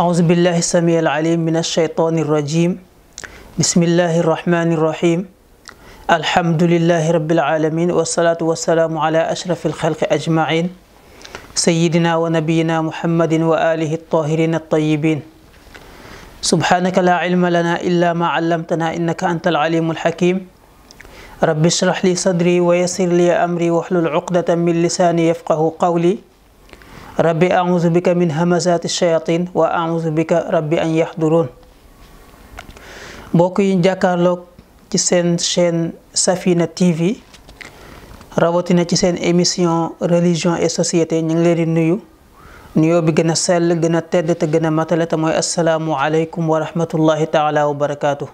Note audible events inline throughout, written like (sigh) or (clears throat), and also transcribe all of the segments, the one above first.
أعوذ بالله السميع العليم من الشيطان الرجيم بسم الله الرحمن الرحيم الحمد لله رب العالمين والصلاة والسلام على أشرف الخلق أجمعين سيدنا ونبينا محمد وآله الطاهرين الطيبين سبحانك لا علم لنا إلا ما علمتنا إنك أنت العليم الحكيم رب اشرح لي صدري ويسر لي أمري واحلل عقدة من لساني يفقه قولي رب أعوذ بك من همزات الشياطين وأعوذ بك رب أن يحضرون mbokk yi jàkkaarloog ci seen chaîne Safina TV rawatina ci seen émission religion et société ñu ngi leen di nuyu nuyoo bi gën a sell gën a tedd te gën a matale te mooy asalaamualeykum wa rahmatullahi taala wa barakaatu.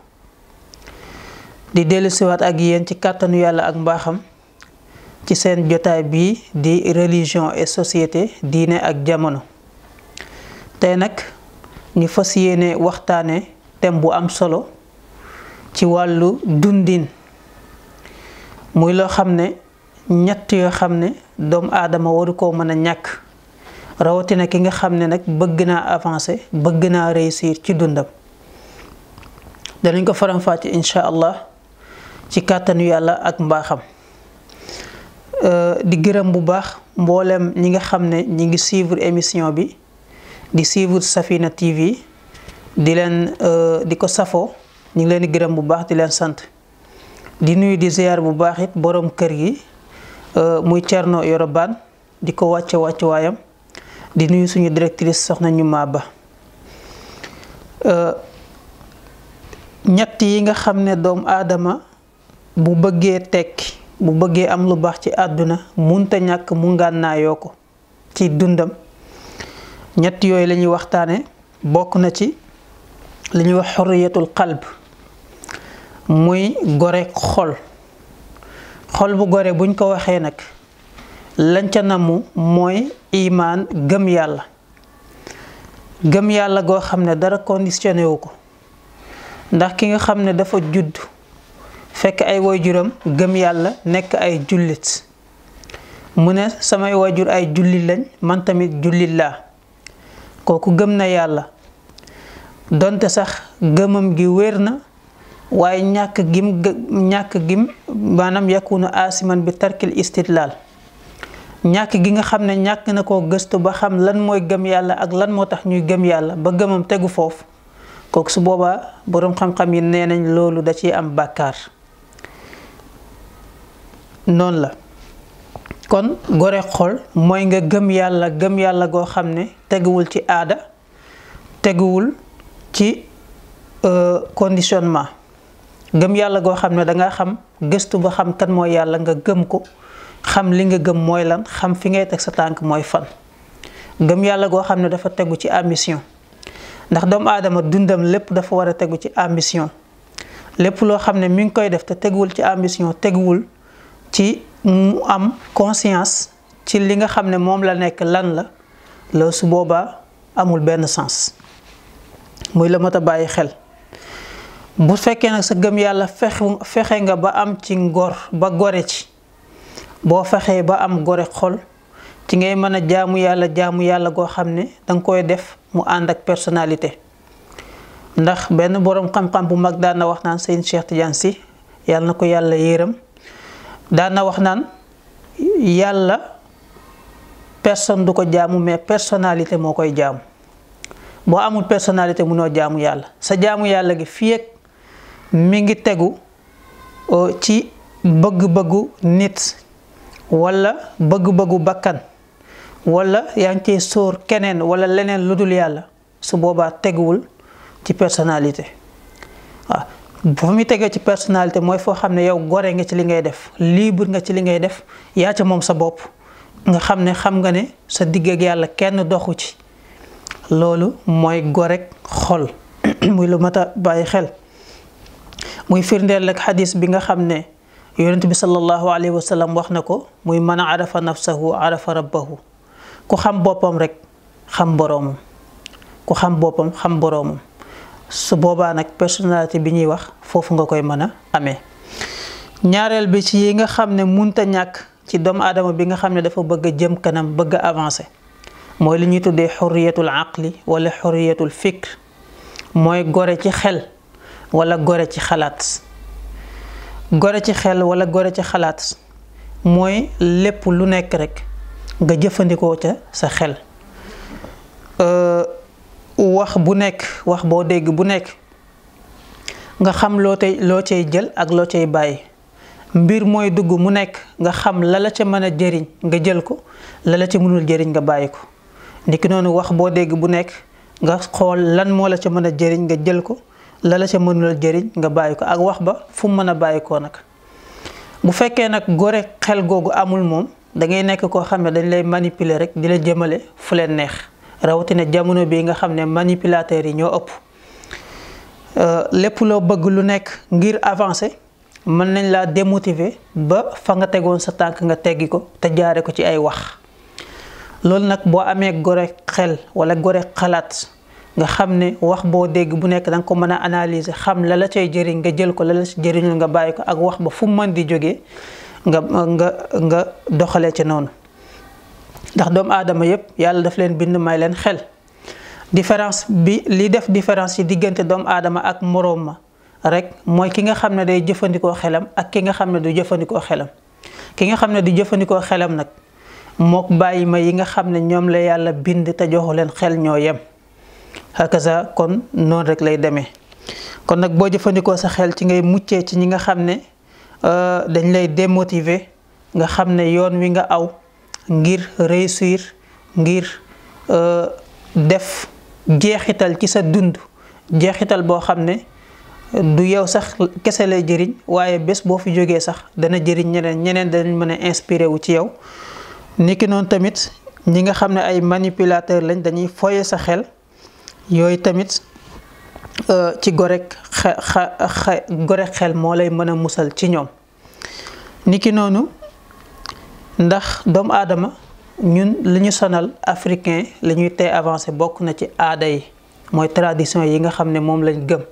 di dellu siwaat ak yéen ci kàttanu yàlla ak mbaaxam ci seen jotaay bii di religion et société diine ak jamono tey nag ñu fas yéene waxtaane thème bu am solo ci wàllu dundin muy loo xam ne ñett yoo xam ne doom aadama waru ko mën a ñàkk rawatina ki nga xam ne nag bëgg naa avancer bëgg naa réussir ci dundam danañ ko faram-fàcce allah ci kàttanu yàlla ak mbaaxam di gërëm bu baax mbolam ñi nga xamne ñi ngi suivre émission bi di suivre Safina TV di len euh, di ko safo ñi ngi len di gërëm bu baax di len sant di nuyu di ziar bu baax it borom kër gi euh, muy Tierno Yoro di ko wàcce wàcce wayam di nuyu suñu directrice soxna ñu euh ñatt yi nga xamne doom adama bu bëggee tekki bu bëggee am lu baax ci àdduna munta ñàkk mu ngànnaayoo ko ci dundam ñett yooyu lañuy ñuy waxtaane bokk na ci li ñuy wax xurriyatul qalb muy gore xol xol bu gore buñ ko waxee nag lañ namu mooy imaan gëm yàlla gëm yàlla goo xam ne dara conditionné wu ko ndax ki nga xam ne dafa judd fekk ay waajuram gëm yàlla nekk ay jullit mu ne samay waajur ay jullit lañ man tamit jullit laa kooku gëm na yàlla donte sax gëmam gi wér na waaye ñàkk gim ñàkk gim maanaam yakunu asiman bi tarkil istidlaal ñàkk gi nga xam ne ñàkk na koo gëstu ba xam lan mooy gëm yàlla ak lan moo tax ñuy gëm yàlla ba gëmam tegu foofu kooku su boobaa boroom xam-xam yi nee nañ loolu da ci am bàkkaar noonu la kon gore xol mooy nga gëm yàlla gëm yàlla goo xam ne teguwul ci aada teguwul ci euh, conditionnement gëm yàlla goo xam ne danga xam gëstu ba xam kan mooy yàlla nga gëm ko xam li nga gëm mooy lan xam fi ngay teg sa tànk mooy fan gëm yàlla goo xam ne dafa tegu ci ambition ndax doomu aadama dundam lépp dafa war a tegu ci ambition lépp loo xam ne mi ngi koy def te teguwul ci ambition teguwul ci mu am conscience ci li nga xam ne moom la nekk lan la la su boobaa amul benn sens muy la mat a bàyyi xel bu fekkee nag sa gëm yàlla fex fexe nga ba am ci ngor ba gore ci boo fexee ba am gore xol ci ngay mën a jaamu yàlla jaamu yàlla goo xam ne danga koy def mu ànd ak personnalité ndax benn boroom xam-xam bu mag daan na wax naan sëñ Cheikh Tidiane si yàlla na ko yàlla yéeram daan na wax naan yàlla personne du ko jaamu mais personnalité moo koy jaamu boo amul personalité mu munoo jaamu yàlla sa jaamu yàlla gi fii ak mi ngi tegu ci bëgg-bëggu nit wala bëgg-bëggu bakkan wala yaa ngi cee sóor keneen wala leneen lu dul yàlla su boobaa teguwul ci personalité waaw bu mu tegee ci personnalité mooy foo xam ne yow gore nga ci li ngay def libre nga ci li ngay def yaa moom sa bopp nga xam ne xam nga ne sa digg yàlla kenn doxu ci loolu mooy gorek xol (clears throat) muy lu mat a bàyyi xel muy firndeel la xadis bi nga xam ne yonent bi sallallahu alayhi wa sallam wax na ko muy man arafa nafsahu arafa rabbahu ku xam boppam rek xam boroomam ku xam boppam xam boroomam su boba nak personnalité bi ñuy wax fofu nga koy mëna amé ñaarël bi ci yi nga xamné munta ñak ci doomu aadama bi nga xamné dafa bëgg jëm kanam bëgg avancer moy li ñuy tuddé hurriyatul aqli wala hurriyatul fikr moy gore ci xel wala gore ci xalaat gore ci xel wala gore ci xalaat moy lépp lu nekk rek nga jëfëndiko ca sa xel euh wax bu nekk wax boo dégg bu nekk nga xam loo tey loo cay jël ak loo cay bàyyi mbir mooy dugg mu nekk nga xam la la ca mën a jëriñ nga jël ko la la ca mënul jëriñ nga bàyyi ko ndiki noonu wax boo dégg bu nekk nga xool lan moo la ca mën a jëriñ nga jël ko la la ca mënul jëriñ nga bàyyi ko ak wax ba fu mu mën a bàyyi koo nag bu fekkee nag gore xel googu amul moom dangay nekk koo xam ne dañ lay manipuler rek di la jëmale fu leen neex rawatina jamono bi nga xam ne manipulateurs yi ñoo ëpp euh, lépp loo bëgg lu nekk ngir avancé mën nañ laa démotiver ba fa nga tegoon sa tànk nga teggi ko te jaare ko ci ay wax loolu nag boo amee gore xel wala gore xalaat nga xam ne wax boo dégg bu nekk danga ko mën a analyser xam la la cay jëriñ nga jël ko la la ci jëriñul nga bàyyi ko ak wax ba fu mën di jógee nga nga nga doxalee ca noonu ndax doomu aadama yëpp yàlla daf leen bind may leen xel différence bi li def différence yi diggante doomu aadama ak moroom ma rek mooy ki nga xam ne day jëfandikoo xelam ak ki nga xam ne du jëfandikoo xelam ki nga xam ne du jëfandikoo xelam nag mook bàyyi ma yi nga xam ne ñoom la yàlla bind te joxu leen xel ñoo yem hakaza kon noonu rek lay demee kon nag boo jëfandikoo sa xel ci ngay muccee ci ñi nga xam ne euh, dañ lay démotiver nga xam ne yoon wi nga aw ngir réussir ngir euh, def jeexital ci sa dund jeexital boo xam ne du yow sax kese lay jëriñ waaye bés boo fi jógee sax dana jëriñ ñeneen ñeneen danañ mën a inspiré wu ci yow niki noonu tamit ñi nga xam ne ay manipulateur lañ dañuy foye sa xel yooyu tamit euh, ci gorek xa xel moo lay mën a musal ci ñoom niki ndax doomu aadama ñun li ñu sonal africain la ñuy tey avancé bokk na ci aada yi mooy tradition yi nga xam ne moom lañ gëm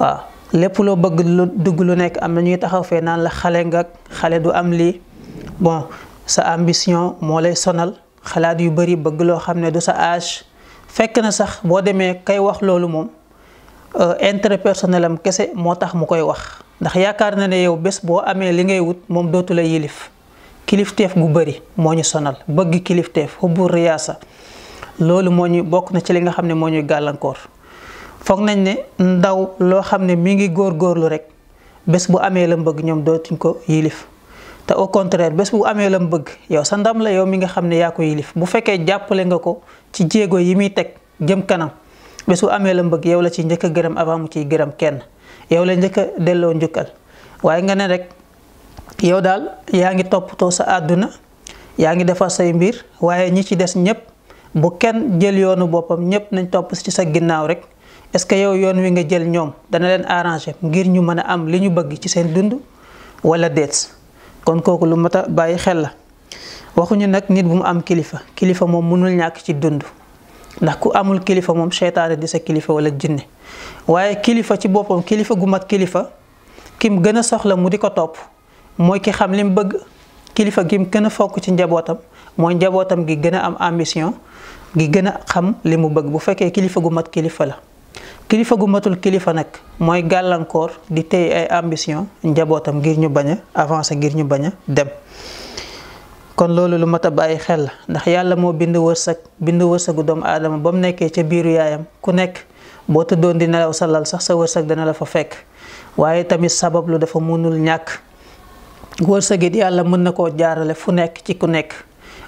waaw lépp loo bëgg lu dugg lu nekk am na ñuy taxaw fee naan la xale nga xale du am lii bon sa ambition moo lay sonal xalaat yu bari bëgg loo xam ne du sa âge fekk na sax boo demee kay wax loolu moom euh, intérêt personnel am kese moo tax mu koy wax ndax yaakaar na ne yow bés boo amee li ngay wut moom dootu la yilif kilifteef gu bëri moo ñu sonal bëgg kilifteef xubbu riyaasa loolu moo ñu bokk na ci li nga xam ne moo ñuy gàllankoor foog nañ ne ndaw loo xam ne mi ngi góor góorlu rek bés bu amee la mbëgg ñoom dootuñ ko yilif te au contraire bés bu amee la bëgg yow sa ndam la yow mi nga xam ne yaa ko yilif bu fekkee jàppale nga ko ci jéego yi muy teg jëm kanam bés bu amee la bëgg yow la ci njëkk a gërëm avant mu ciy gërëm kenn yow la njëkk a delloo njukkal waaye nga ne rek. yow dal yaangi ngi toppatoo sa aduna yaangi defal say mbir waye ñi ci dess ñep bu kenn jël yoonu bopam ñep nañ top ci sa ginnaw rek est ce yow yoon wi nga jël da na len arranger ngir ñu mëna am li ñu bëgg ci seen dund wala déet kon koku lu mata bayyi xel la ñu nak nit bu mu am kilifa kilifa mom mënul ñak ci dund ndax ku amul kilifa mom seytaane di sa kilifa wala jinne waye kilifa ci bopam kilifa gu mat kilifa kim gëna soxla mu diko top moy ki xam lim bëgg kilifa gi mu gëna fokk ci njabootam moy njabootam gi gëna am ambition gi gëna xam limu bëgg bu fekkee kilifa gu mat kilifa la kilifa gu matul kilifa nag mooy gàllankoor di tey ay ambition njabootam ngir ñu bañ a avancer ngir ñu bañ a dem kon loolu lu mat a bàyyi xel la ndax yàlla moo bind wërsëg bind wërsëgu doomu aadama ba mu nekkee ca biiru yaayam ku nekk boo tëddoon di nelaw sa lal sax sa wërsëg dana la fa fekk waaye tamit sabab lu dafa munul ñàkk wërsëgit yàlla mën na koo jaarale fu nekk ci ku nekk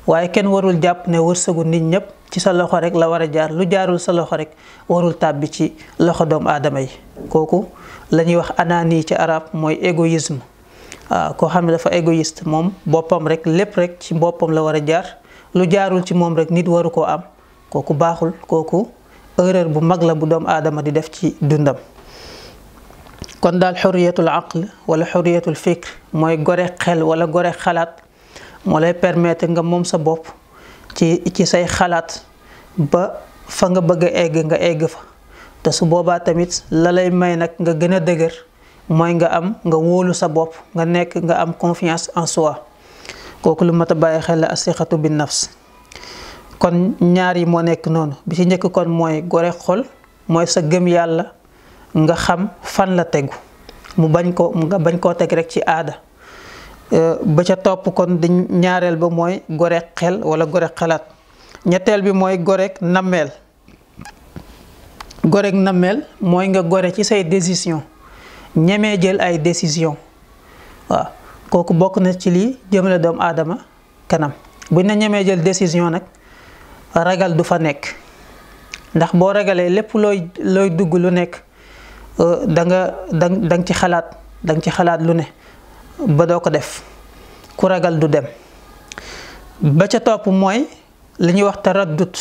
waaye kenn warul jàpp ne wërsëgu nit ñëpp ci sa loxo rek la war a jaar lu jaarul sa loxo rek warul tàbbi ci loxo doomu aadama yi kooku la ñuy wax anaani ci arab mooy égoïsme waaw koo xam ne dafa égoïste moom boppam rek lépp rek ci boppam la war a jaar lu jaarul ci moom rek nit waru koo am kooku baaxul kooku erreur bu mag la bu doomu aadama di def ci dundam kon dal xoriyatul aql wala xoriyatul fikr moy gore xel wala gore xalaat moo lay permettre nga mom sa bop ci ci say xalaat ba fa nga bëgg egg nga egg fa te su boba tamit la lay may nak nga gëna a moy nga am nga wolu sa bop nga nek nga am confiance en soi kooku lu mata baye xel la bin nafs kon ñaar yi mo nek non bi ci ñëk kon moy gore xol moy sa gëm yàlla nga xam fan la tegu mu bañ ko nga bañ koo teg rekk ci aada euh, ba ca topp kon di ñaareel ba mooy gore xel wala gore xalaat ñetteel bi mooy gorek nammeel gorek nammeel mooy nga gore ci say décision ñemee jël ay décision waaw kooku bokk na ci lii jëmale doomu aadama kanam buñ na ñemee jël décision nag ragal du fa nekk ndax boo ragalee lépp looy looy dugg lu nekk Dang euh, dang dang ci xalaat dang ci xalaat lu ne ba do ko def ku ragal du dem ba ca top moy liñu ñuy wax taraddut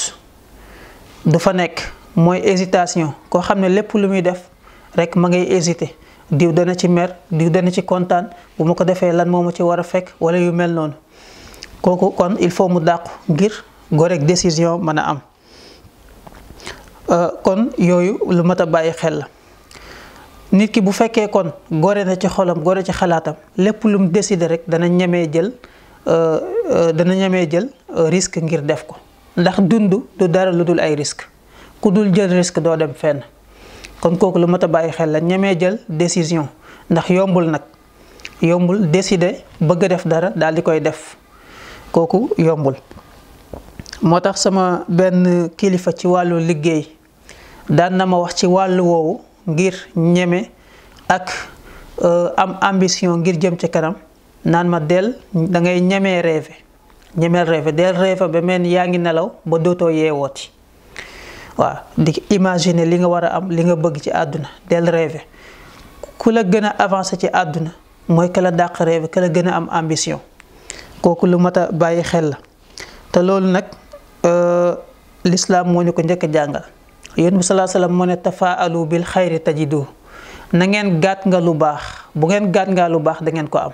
du fa nek moy hésitation ko xamne ne lu muy def rek ma ngay hésiter diw dana ci mer diw dana ci contane bu mako defé lan moo ci wara fek wala yu mel non koku kon il faut mu daq ngir goreeg décision mën am am euh, kon yoyu lu mata baye xel nit ki bu fekkee kon gore na ci xolam gore ci xalaatam lépp lu mu rek dana ñemee jël euh, euh, dana ñemee jël euh, risque ngir def ko ndax dund du dara lu dul ay risque ku dul jël risque doo dem fenn kon kooku lu mat a bàyyi xel la ñemee jël décision ndax yombul nag yombul décider bëgg a def dara daal di koy def kooku yombul moo tax sama benn kilifa ci wàllu liggéey daan na ma wax ci wàll woowu ngir ñeme ak euh, am ambition ngir jëm ci kanam naan ma del da ngay ñemee rêve ñemeel rêve del rêve ba mel ni yaa ngi nelaw ba dootoo yeewooti waaw di imaginer li nga war a am li nga bëgg ci àdduna del rêve ku la gën a avancé ci àdduna mooy ka la dàq rêve ka gën a am ambition kooku lu mat a bàyyi xel la te loolu nag euh, lislaam moo ñu ko njëkk a jàngal Yun bi salaa salaam mu ne tafaalu bil xayri tajidu na ngeen gat nga lu baax bu ngeen gat nga lu da ngeen ko am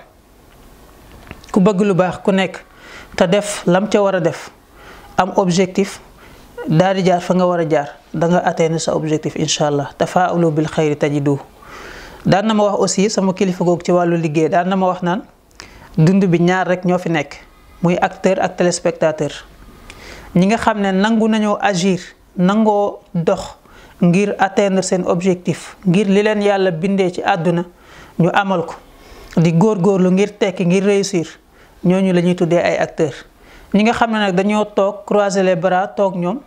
ku bëgg lu baax ku nek ta def lam ca wara def am objectif daal jaar fa nga wara jaar da nga atteindre sa objectif inshallah tafaalu bil xayri tajidu daan na ma wax aussi sama kilifa gog ci walu liggéey daan na ma wax nan dund bi ñaar rek fi muy acteur ak téléspectateur ñi nga xam nangu nañu agir nangoo dox ngir atteindre seen objectif ngir li leen yàlla bindee ci àdduna ñu amal ko di góor góorlu ngir tekki ngir réussir ñooñu la ñuy tuddee ay acteurs ñi nga xam ne nag dañoo toog croiser les bras toog ñoom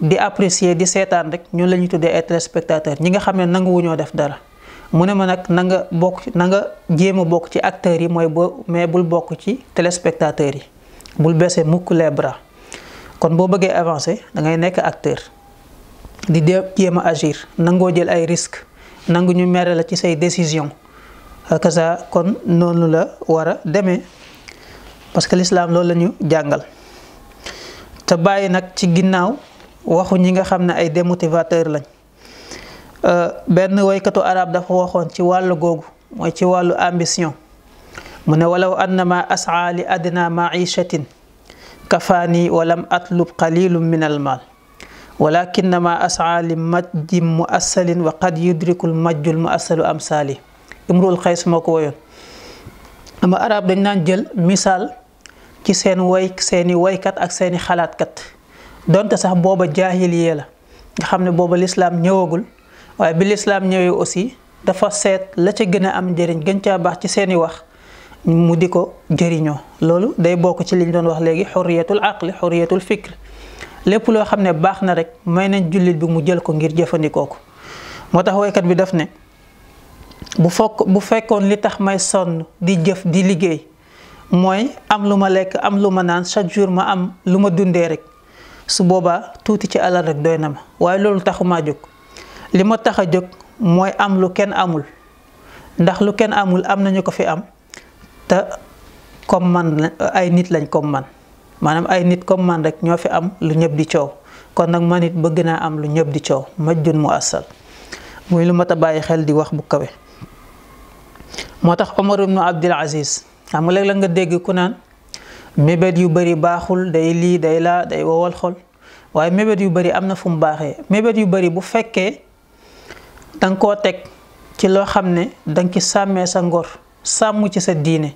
di apprécier di seetaan rek ñun la ñuy tuddee ay téléspectateurs ñi nga xam ne nanguwuñoo def dara mu ne ma nag na nga bokk na nga jéem a bokk ci acteurs yi mooy boo mais bul bokk ci téléspectateurs yi bul baisser mukk les kon boo bëggee avancer dangay nekk acteur di jéem a agir nangoo jël ay risques nangu ñu mere la ci say décision kasa kon noonu la war a demee parce que l'islam loolu la ñu jàngal te bàyyi nag ci ginnaaw waxu ñi nga xam ne ay démotivateur lañ euh, benn woykatu arab dafa waxoon ci wàll googu mooy ci wàllu ambition mu ne walaw ma asaa li adna maichatin كفاني ولم أطلب قليل من المال ولكن ولكنما أسعى لمجد مؤسل وقد يدرك المجد المؤسل أمثالي إمرو القيس موكو ويون أما أراب دنان جل مثال كي سين ويك سيني ويكات أك سيني خالات كت دون تسح بوبا جاهلية لا خامن بوبا الإسلام نيوغل وبالإسلام نيوغل أسي دفا سيت لا تجنى أم جرين جنشا باح تسيني وخ mu di ko jëriñoo loolu day bokk ci liñ doon wax léegi xurriyatul aqli xurriyatul fikr lépp loo xam ne baax na rek may nañ jullit bi mu jël ko ngir jëfandikoo ko moo tax woykat bi daf ne bu fokk bu fekkoon li tax may sonn di jëf di liggéey mooy am lu ma lekk am lu ma naan chaque jour ma am lu ma dundee rek su boobaa tuuti ci alal rek doy na ma waaye loolu taxumaa jóg li ma tax a jóg mooy am lu kenn amul ndax lu kenn amul am nañu ko fi am te comme man ay nit lañ comme man maanaam ay nit comme man rek ñoo fi am lu ñëpp di coow kon nag man it bëgg naa am lu ñëpp di coow majjun mu asal muy lu mat a bàyyi xel di wax bu kawe. moo tax Omar ibnu Abdul Aziz xam nga léeg-léeg nga dégg ku naan mébét yu bari baaxul day lii day laa day wowal xol waaye mébét yu bari am na fu mu baaxee mébét yu bari bu fekkee danga koo teg ci loo xam ne danga ki sàmmee sa ngor sàmm ci sa diine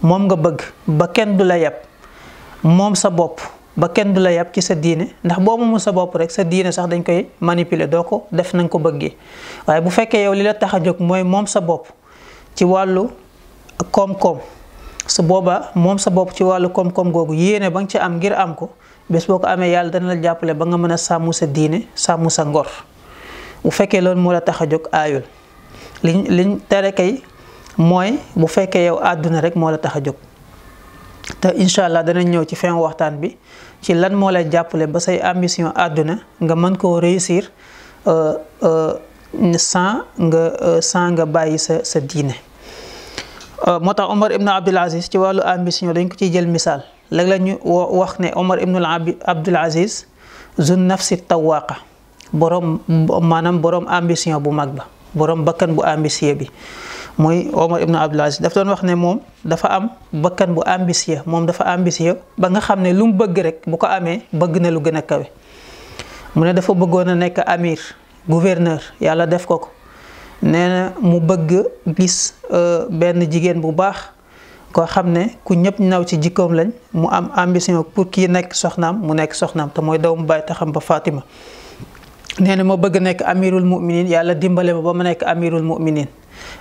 moom nga bëgg ba kenn du la yàpp moom sa bopp ba kenn du la yàpp ci sa diine ndax boo ma moomul sa bopp rek sa diine sax dañ koy manipuler doo ko def nañ ko bëggee waaye bu fekkee yow li la tax a jóg mooy moom sa bopp ci wàllu koom-koom su boobaa moom sa bopp ci wàllu koom-koom googu yéene ba nga ci am ngir am ko bés boo ko amee yàlla dana la jàppale ba nga mën a sàmm sa diine sàmm sa ngor bu fekkee loolu moo la tax a jóg aayul liñ liñ tere kay mooy bu fekkee yow àdduna rek moo la tax a jóg te incha allah danañ ñëw ci fin waxtaan bi ci lan moo lay jàppale ba say ambition àdduna nga mën koo réussir euh, euh, sans nga euh, sans bàyyi sa sa diine. moo tax Omar ibn Abdul Aziz ci wàllu ambition dañ ko ciy jël misaal léeg-léeg ñu wax ne Omar ibn Abdul Aziz zun nafsi tawaaqa borom maanaam borom ambition bu mag ba borom bakkan bu ambitieux bi. muy Omar ibn Abdul Aziz daf doon wax ne moom dafa am bakkan bu ambitieux moom dafa ambitieux ba nga xam ne lu mu bëgg rek bu ko amee bëgg na lu gën a kawe mu ne dafa bëggoon a nekk amir gouverneur yàlla def ko ko nee na mu bëgg gis benn jigéen bu baax koo xam ne ku ñëpp naw ci jikkoom lañ mu am ambition pour kii nekk soxnaam mu nekk soxnaam te mooy doomu bàyyi taxam ba Fatima nee na ma bëgg nekk amirul muminin yàlla dimbale ma ba ma nekk amirul muminin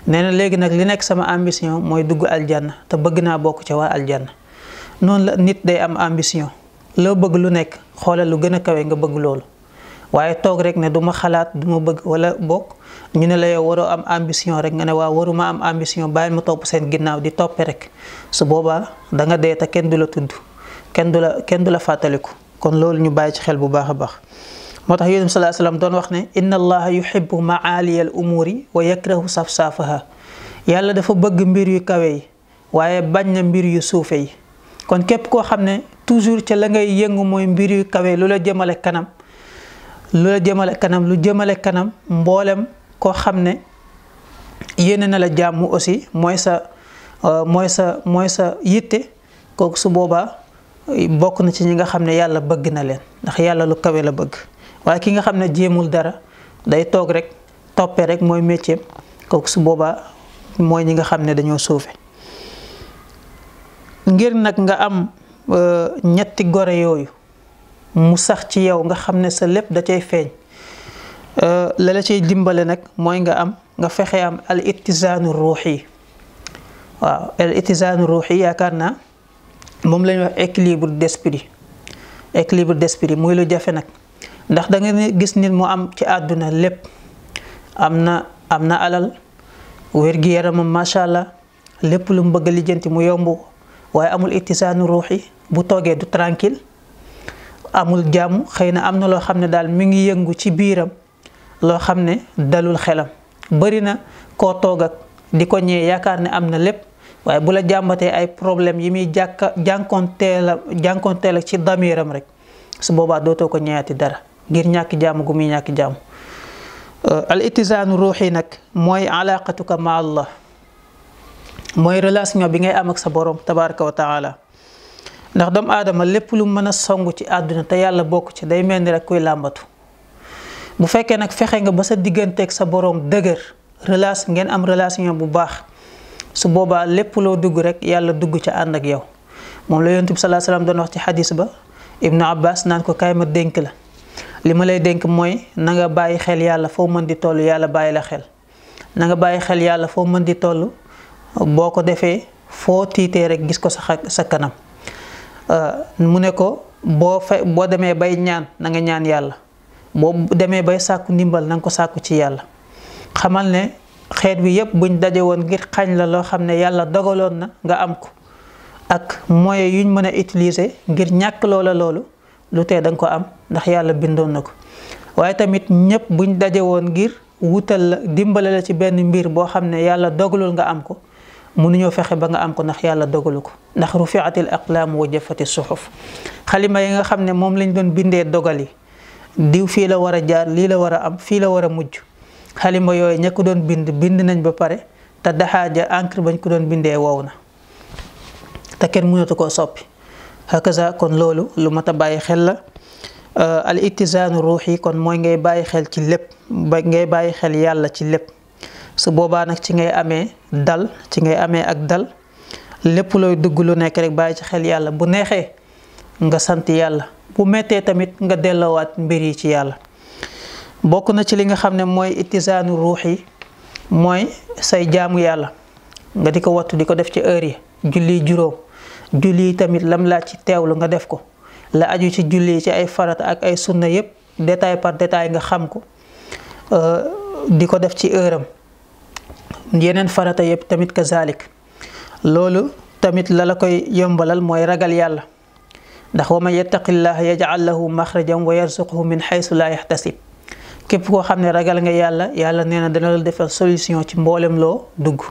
nee na léegi nag li nekk sama ambition mooy dugg aljanna te bëgg naa bokk ca waa aljanna noonu la nit day am ambition loo bëgg lu nekk xoolal lu gën a kawe nga bëgg loolu waaye toog rek ne du ma xalaat du ma bëgg wala bokk ñu ne la yow waroo am ambition rek nga ne waa waruma am ambition bàyyil ma topp seen ginnaaw di toppe rek su boobaa danga nga dee te kenn du la tudd kenn du la kenn du la fàttaliku kon loolu ñu bàyyi ci xel bu baax a baax. moo tax yonent bi sallallahu doon wax ne inna allaha yuhibbu maaliya al umuuri wa yakrahu safsaafaha yàlla dafa bëgg mbir yu kawe yi waaye bañ na mbir yu suufe yi kon képp koo xam ne toujours ca la ngay yëngu mooy mbir yu kawe lu la jëmale kanam lu jëmale kanam lu jëmale kanam mboolem koo xam ne yéene na la jàmm aussi mooy sa euh, mooy sa mooy sa yitte kooku su boobaa bokk na ci ñi nga xam ne yàlla bëgg na leen ndax yàlla lu kawe la bëgg waaye ki nga xam ne jéemul dara day toog rek toppe rek mooy métier kooku su boobaa mooy ñi nga xam ne dañoo suufe ngir nag nga am euh, ñetti gore yooyu mu sax ci yow nga xam ne sa lépp da cay feeñ euh, la la ciy dimbale nag mooy nga am nga fexe am al itisaanu ruux waaw al itisaanu yi yaakaar naa moom la ñuy wax équilibre d'esprit équilibre d'esprit muy lu jafe nag ndax danga ne gis nit mu am ci àdduna lépp am na am na alal wér yaramam macha allah lépp lu mu bëgg a lijjanti mu yomb waaye amul ittisaanu ruuxi bu toogee du tranquille amul jàmm xëy na am na loo xam ne daal mi ngi yëngu ci biiram loo xam ne dalul xelam bëri na koo toog di ko ñee yaakaar ne am na lépp waaye bu la jàmbatee ay problème yi muy jàkka jànkonteel jànkonteel ak ci damiram rek su boobaa dootoo ko ñeeyati dara ngir ñàkk jaamu gu muy ñàkk jaamu al itizaanu ruuxi nag mooy alaqatuka ma allah mooy relation bi ngay am ak sa borom tabaraka wa taala ndax doomu aadama lépp lu mën a song ci àdduna te yàlla bokk ci day mel ni rek kuy làmbatu bu fekkee nag fexe nga ba sa digganteeg sa borom dëgër relation ngeen am relation bu baax su boobaa lépp loo dugg rek yàlla dugg ca ànd ak yow moom la yonent bi salaa salaam doon wax ci xadis ba ibnu abbas naan ko kaay ma dénk la li ma lay dénk mooy nanga bàyyi xel yàlla foo mën di toll yàlla bàyyi la xel na bàyyi xel yàlla foo mën di toll boo ko defee foo tiitee rek gis ko sa sa kanam euh, mu ne ko boo fe boo demee bay ñaan na nga ñaan yàlla boo demee bay sàkku ndimbal na nga ko sàkku ci yàlla xamal ne xeet wi yépp buñ daje woon ngir xañ la loo xam ne yàlla dogaloon na nga am ko ak moyen yuñ mën a utiliser ngir ñàkk loola loolu lu tee danga ko am ndax yàlla bindoon na ko waaye tamit ñëpp buñ daje woon ngir wutal la dimbale la ci benn mbir boo xam ne yàlla dogalul nga am ko mënuñoo fexe ba nga am ko ndax yàlla dogalu ko ndax rufiatil aqlaam wa jafati suxuf xalima yi nga xam ne moom lañ doon bindee dogal yi diw fii la war a jaar lii la war a am fii la war a mujj xalima yooyu ñekk doon bind bind nañ ba pare te daxaaja encre bañ ko doon bindee wow na te kenn mënatu koo soppi hakaza kon loolu lu mat a bàyyi xel la uh, al ittisaanu ruux yi kon mooy ngay bàyyi xel ci lépp ba ngay bàyyi xel yàlla ci lépp su boobaa nag ci ngay amee dal ci ngay amee ak dal lépp looy dugg lu nekk rek bàyyi ci xel yàlla bu neexee nga sant yàlla bu méttee tamit nga delloowaat mbir yi ci yàlla bokk na ci li nga xam ne mooy ittisaanu ruux yi mooy say jaamu yàlla nga di ko wattu di ko def ci heure yi julli juróom julli tamit lam laaj ci teewlu nga def ko la aju ci julli ci ay farata ak ay sunna yépp détail par détail nga xam ko euh, di ko def ci heure am yeneen farata yépp tamit kazalik loolu tamit la la koy yombalal mooy ragal yàlla ndax wa man yattaqillaha yaj'al lahu maxrajan wa yarzuqhu min xaysu laa yaxtasib képp koo xam ne ragal nga yàlla yàlla nee na dana la defal solution ci mboolem loo dugg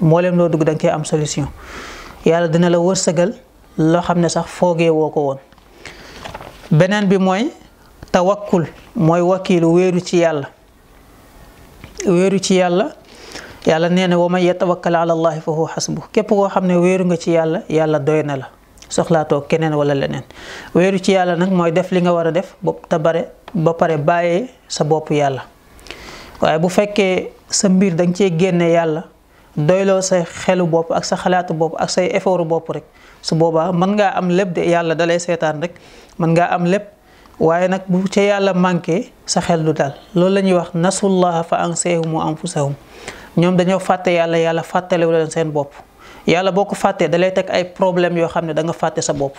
mboolem loo dugg danga nga am solution yàlla dina la wërsëgal loo xam ne sax foogee woo ko woon beneen bi mooy tawakkul mooy wakiilu wéeru ci yàlla wéeru ci yàlla yàlla nee na wa man yatawakkal ala allahi fa huwa xasbu képp koo xam ne wéeru nga ci yàlla yàlla doy na la soxlaatoo keneen wala leneen wéeru ci yàlla nag mooy def li nga war a def ba te bare ba pare bàyyee sa bopp yàlla waaye bu fekkee sa mbir danga cee génne yàlla doyloo say xelu bopp ak sa xalaatu bopp ak say effortu bopp rek su boobaa mën ngaa am lépp de yàlla dalay seetaan rek mën ngaa am lépp waaye nag bu ca yàlla manqué sa xel dal loolu la ñuy wax nasullaha fa anseehumu anfusahum ñoom dañoo fàtte yàlla yàlla fàttalewu leen seen bopp yàlla boo ko fàttee dalay teg ay problème yoo xam ne da nga fàtte sa bopp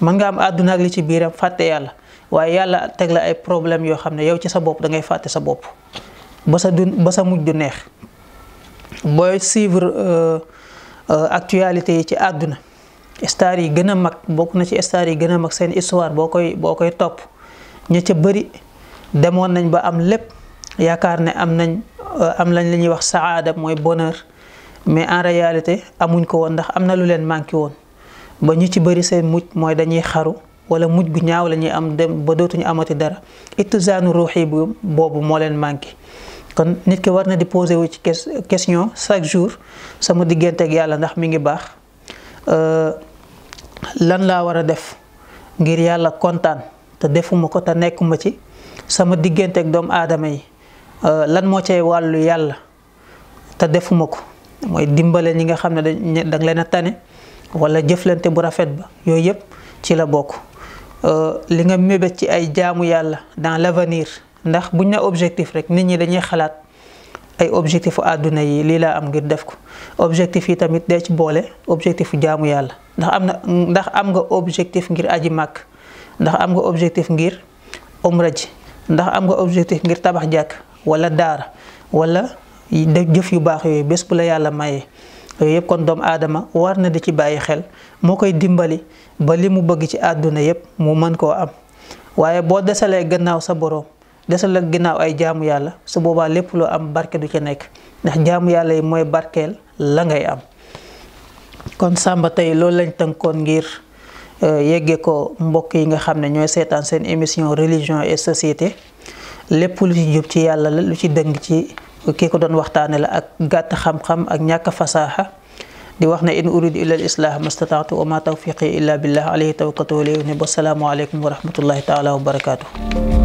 mën nga am àdduna li ci biiram fàtte yàlla waaye yàlla teg la ay problème yoo xam ne yow ci sa bopp dangay fàtte sa bopp ba sa ba sa mujj du neex booy suivre actualité yi ci àdduna star yi gën a mag bokk na ci star yi gën a mag seen histoire boo koy boo koy topp ñu ca bëri demoon nañ ba am lépp yaakaar ne am nañ am lañ li ñuy wax saada mooy bonheur mais en réalité amuñ ko woon ndax am na lu leen manqué woon ba ñu ci bëri seen mujj mooy dañuy xaru wala mujj gu ñaaw la ñuy am dem ba dootuñu amati dara ittizaanu ruux yi boobu moo leen manqué kon nit ki war na di posé wu ci question chaque jour sama diggante ak yàlla ndax mu ngi baax euh, lan laa war a def ngir yàlla kontaan te defuma ko te nekkuma ci sama diggante ak doomu aadama yi euh, lan moo cay wàllu yàlla te defuma ko mooy dimbale ñi nga xam ne dañ danga leen a tane wala jëflante bu rafet ba yooyu yëpp ci la bokk euh, li nga mébét ci ay jaamu yàlla dans l'avenir ndax buñ ne objectif rek nit ñi dañuy xalaat ay objectif u àdduna yi lii laa am ngir def ko objectif yi tamit dee ci boole objectif jaamu yàlla ndax am na ndax am nga objectif ngir aji màkk ndax am nga objectif ngir omra ji ndax am nga objectif ngir tabax jàkk wala daara wala jëf yu baax yooyu bés bu la yàlla mayee yooyu yëpp kon doomu aadama war na di ci bàyyi xel moo koy dimbali ba li mu bëgg ci àdduna yëpp mu mën koo am waaye boo desalee gannaaw sa boroom desal la ginnaaw ay jaamu yàlla su boobaa lépp loo am barke du ca nekk ndax jaamu yàlla yi mooy barkeel la ngay am kon sàmba tey loolu lañ tënkoon ngir euh, yégge ko mbokk yi nga xam ne ñooy seetaan seen émission religion et société lépp lu ci jub ci yàlla la lu ci dëng ci kii ko doon waxtaane la ak gàtt xam-xam ak ñàkk fasaaxa di wax ne in uridu illa al islah mastataatu wa ma tawfiqi illa billah alayhi tawakkaltu wa ilayhi unib wassalaamu aleykum wa wa barakatuh